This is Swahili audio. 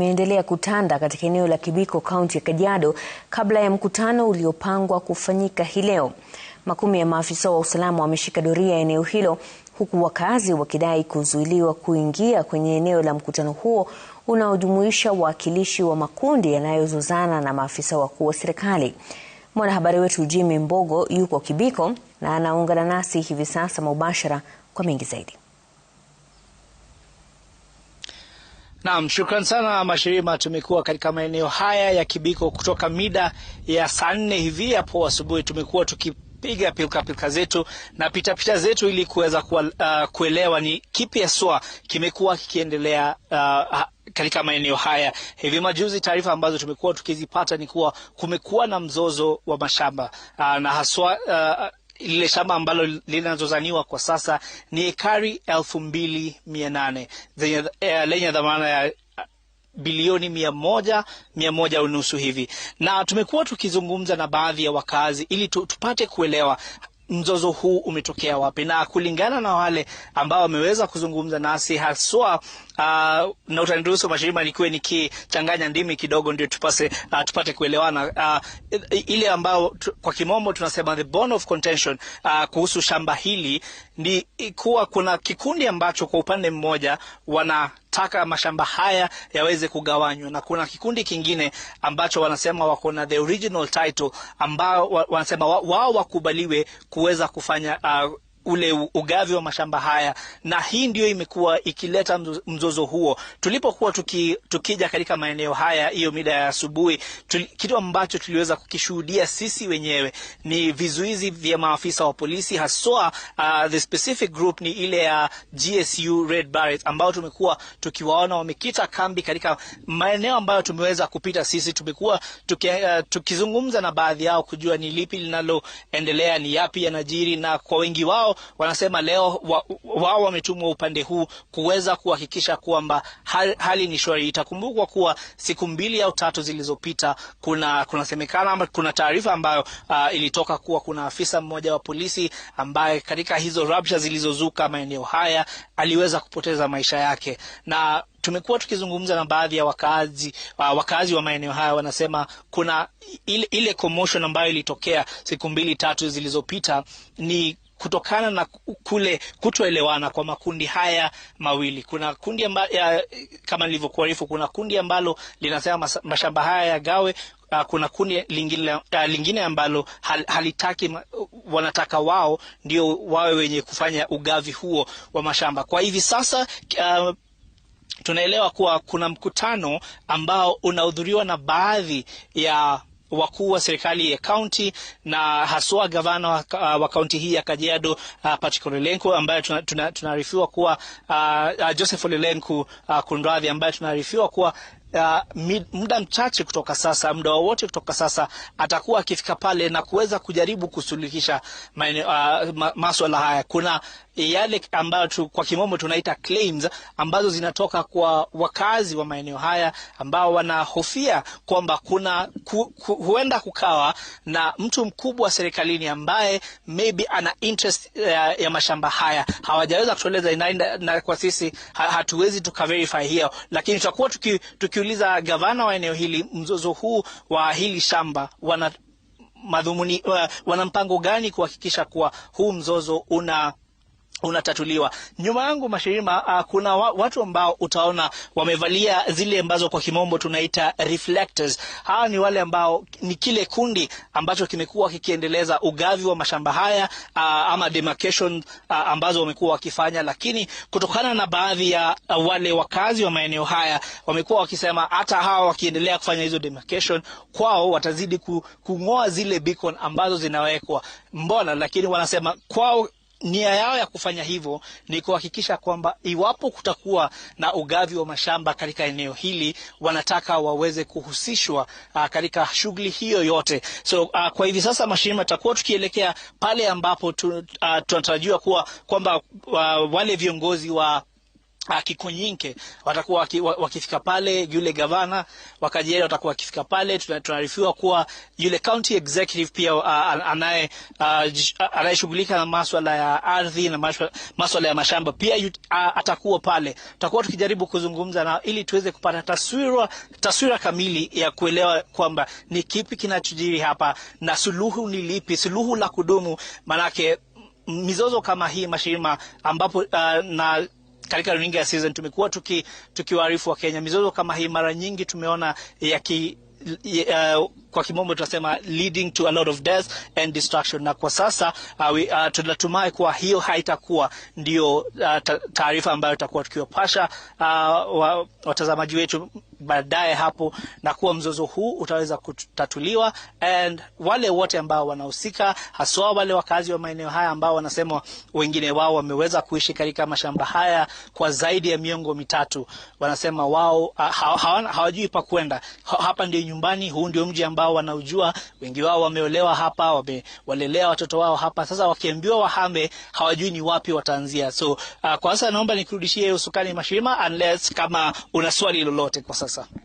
Imeendelea kutanda katika eneo la Kibiko kaunti ya Kajiado kabla ya mkutano uliopangwa kufanyika hii leo. Makumi ya maafisa wa usalama wameshika doria eneo hilo huku wakazi wakidai kuzuiliwa kuingia kwenye eneo la mkutano huo unaojumuisha wawakilishi wa makundi yanayozozana na maafisa wakuu wa serikali. Mwanahabari wetu Jimmy Mbogo yuko Kibiko na anaungana nasi hivi sasa mubashara kwa mengi zaidi. Naam, shukran sana Mashirima. Tumekuwa katika maeneo haya ya Kibiko kutoka mida ya saa nne hivi hapo asubuhi, tumekuwa tuki piga pilka pilka zetu na pitapita pita zetu ili kuweza uh, kuelewa ni kipi haswa kimekuwa kikiendelea uh, katika maeneo haya hivi majuzi. Taarifa ambazo tumekuwa tukizipata ni kuwa kumekuwa na mzozo wa mashamba uh, na haswa uh, lile shamba ambalo linazozaniwa kwa sasa ni ekari elfu mbili mia nane eh, lenye dhamana ya eh, bilioni mia moja mia moja unusu hivi, na tumekuwa tukizungumza na baadhi ya wakazi ili tupate kuelewa mzozo huu umetokea wapi, na kulingana na wale ambao wameweza kuzungumza nasi haswa uh, na utaniruhusu Mashirima nikiwe nikichanganya ndimi kidogo ndio tupase uh, tupate kuelewana uh, ile ambayo kwa kimombo tunasema the bone of contention uh, kuhusu shamba hili ni kuwa kuna kikundi ambacho kwa upande mmoja wana wanataka mashamba haya yaweze kugawanywa, na kuna kikundi kingine ambacho wanasema wako na the original title ambao wanasema wao wakubaliwe kuweza kufanya uh, ule ugavi wa mashamba haya, na hii ndio imekuwa ikileta mzozo huo. Tulipokuwa tuki, tukija katika maeneo haya hiyo mida ya asubuhi, kitu ambacho tuliweza kukishuhudia sisi wenyewe ni vizuizi vya maafisa wa polisi haswa, uh, the specific group ni ile ya GSU Red Beret ambao tumekuwa tukiwaona wamekita kambi katika maeneo ambayo tumeweza kupita sisi. Tumekuwa tuki, uh, tukizungumza na baadhi yao kujua ni lipi linaloendelea, ni yapi yanajiri, na kwa wengi wao wanasema leo wao wametumwa upande huu kuweza kuhakikisha kwamba hali, hali ni shwari. Itakumbukwa kuwa siku mbili au tatu zilizopita kuna kunasemekana ama kuna taarifa ambayo uh, ilitoka kuwa kuna afisa mmoja wa polisi ambaye katika hizo rabsha zilizozuka maeneo haya aliweza kupoteza maisha yake na tumekuwa tukizungumza na baadhi ya wakaazi uh, wakaazi wa maeneo haya wanasema kuna ile, ile commotion ambayo ilitokea siku mbili tatu zilizopita ni kutokana na kule kutoelewana kwa makundi haya mawili. Kuna kundi amba, ya, kama nilivyokuarifu, kuna kundi ambalo linasema mashamba haya yagawe. Uh, kuna kundi lingine, uh, lingine ambalo hal, halitaki wanataka wao ndio wawe wenye kufanya ugavi huo wa mashamba. Kwa hivi sasa uh, tunaelewa kuwa kuna mkutano ambao unahudhuriwa na baadhi ya wakuu wa serikali ya kaunti na haswa gavana wa kaunti hii ya Kajiado uh, Patrick Olelenku ambaye tunaarifiwa tuna, tuna kuwa uh, uh Joseph Olelenku uh, kundradhi ambaye tunaarifiwa kuwa uh, muda mchache kutoka sasa, muda wowote kutoka sasa atakuwa akifika pale na kuweza kujaribu kusuluhisha uh, maswala haya. Kuna yale ambayo tu, kwa kimombo tunaita claims ambazo zinatoka kwa wakazi wa maeneo haya ambao wanahofia kwamba kuna ku, ku, huenda kukawa na mtu mkubwa serikalini ambaye maybe ana interest ya, uh, ya mashamba haya. Hawajaweza kutueleza na, na kwa sisi hatuwezi tukaverify hiyo, lakini tutakuwa tuki, tuki niliuliza gavana wa eneo hili, mzozo huu wa hili shamba wana madhumuni, uh, wana mpango gani kuhakikisha kuwa huu mzozo una unatatuliwa. Nyuma yangu Mashirima, uh, kuna wa, watu ambao utaona wamevalia zile ambazo kwa kimombo tunaita reflectors. Hawa ni wale ambao ni kile kundi ambacho kimekuwa kikiendeleza ugavi wa mashamba haya uh, ama demarcation uh, ambazo wamekuwa wakifanya, lakini kutokana na baadhi ya uh, wale wakazi wa maeneo haya wamekuwa wakisema hata hawa wakiendelea kufanya hizo demarcation kwao watazidi kung'oa zile beacon ambazo zinawekwa, mbona lakini wanasema kwao nia yao ya kufanya hivyo ni kuhakikisha kwamba iwapo kutakuwa na ugavi wa mashamba katika eneo hili, wanataka waweze kuhusishwa uh, katika shughuli hiyo yote. So uh, kwa hivi sasa Mashirima, tutakuwa tukielekea pale ambapo ah, tunatarajiwa uh, kuwa kwamba uh, wale viongozi wa Ah, Kikunyinke watakuwa wakifika pale, yule gavana wa Kajiado watakuwa wakifika pale. Tunaarifiwa kuwa yule county executive pia ah, anaye ah, anayeshughulika na maswala ya ardhi na maswala ya mashamba pia atakuwa pale. Tutakuwa tukijaribu kuzungumza na ili tuweze kupata taswira taswira kamili ya kuelewa kwamba ni kipi kinachojiri hapa na suluhu ni lipi, suluhu la kudumu, manake mizozo kama hii mashirima ambapo uh, na katika runinga ya Citizen tumekuwa tuki, tukiwaarifu Wakenya mizozo kama hii mara nyingi tumeona yaki Uh, kwa kimombo tunasema leading to a lot of death and destruction, na kwa sasa uh, we, uh, tunatumai kuwa hiyo haitakuwa ndio uh, taarifa ambayo itakuwa tukiwapasha uh, watazamaji wetu baadaye hapo, na kuwa mzozo huu utaweza kutatuliwa, and wale wote ambao wanahusika, haswa wale wakazi wa maeneo haya ambao wanasema wengine wao wameweza kuishi katika mashamba haya kwa zaidi ya miongo mitatu, wanasema wao ah, hawajui pa kwenda. Hapa ndio nyumbani, huu ndio mji ambao wanaujua. Wengi wao wameolewa hapa, wamewalelea watoto wao hapa. Sasa wakiambiwa wahame, hawajui ni wapi wataanzia. So uh, kwa sasa naomba nikurudishie usukani Mashima, unless kama una swali lolote kwa sasa. cabeça.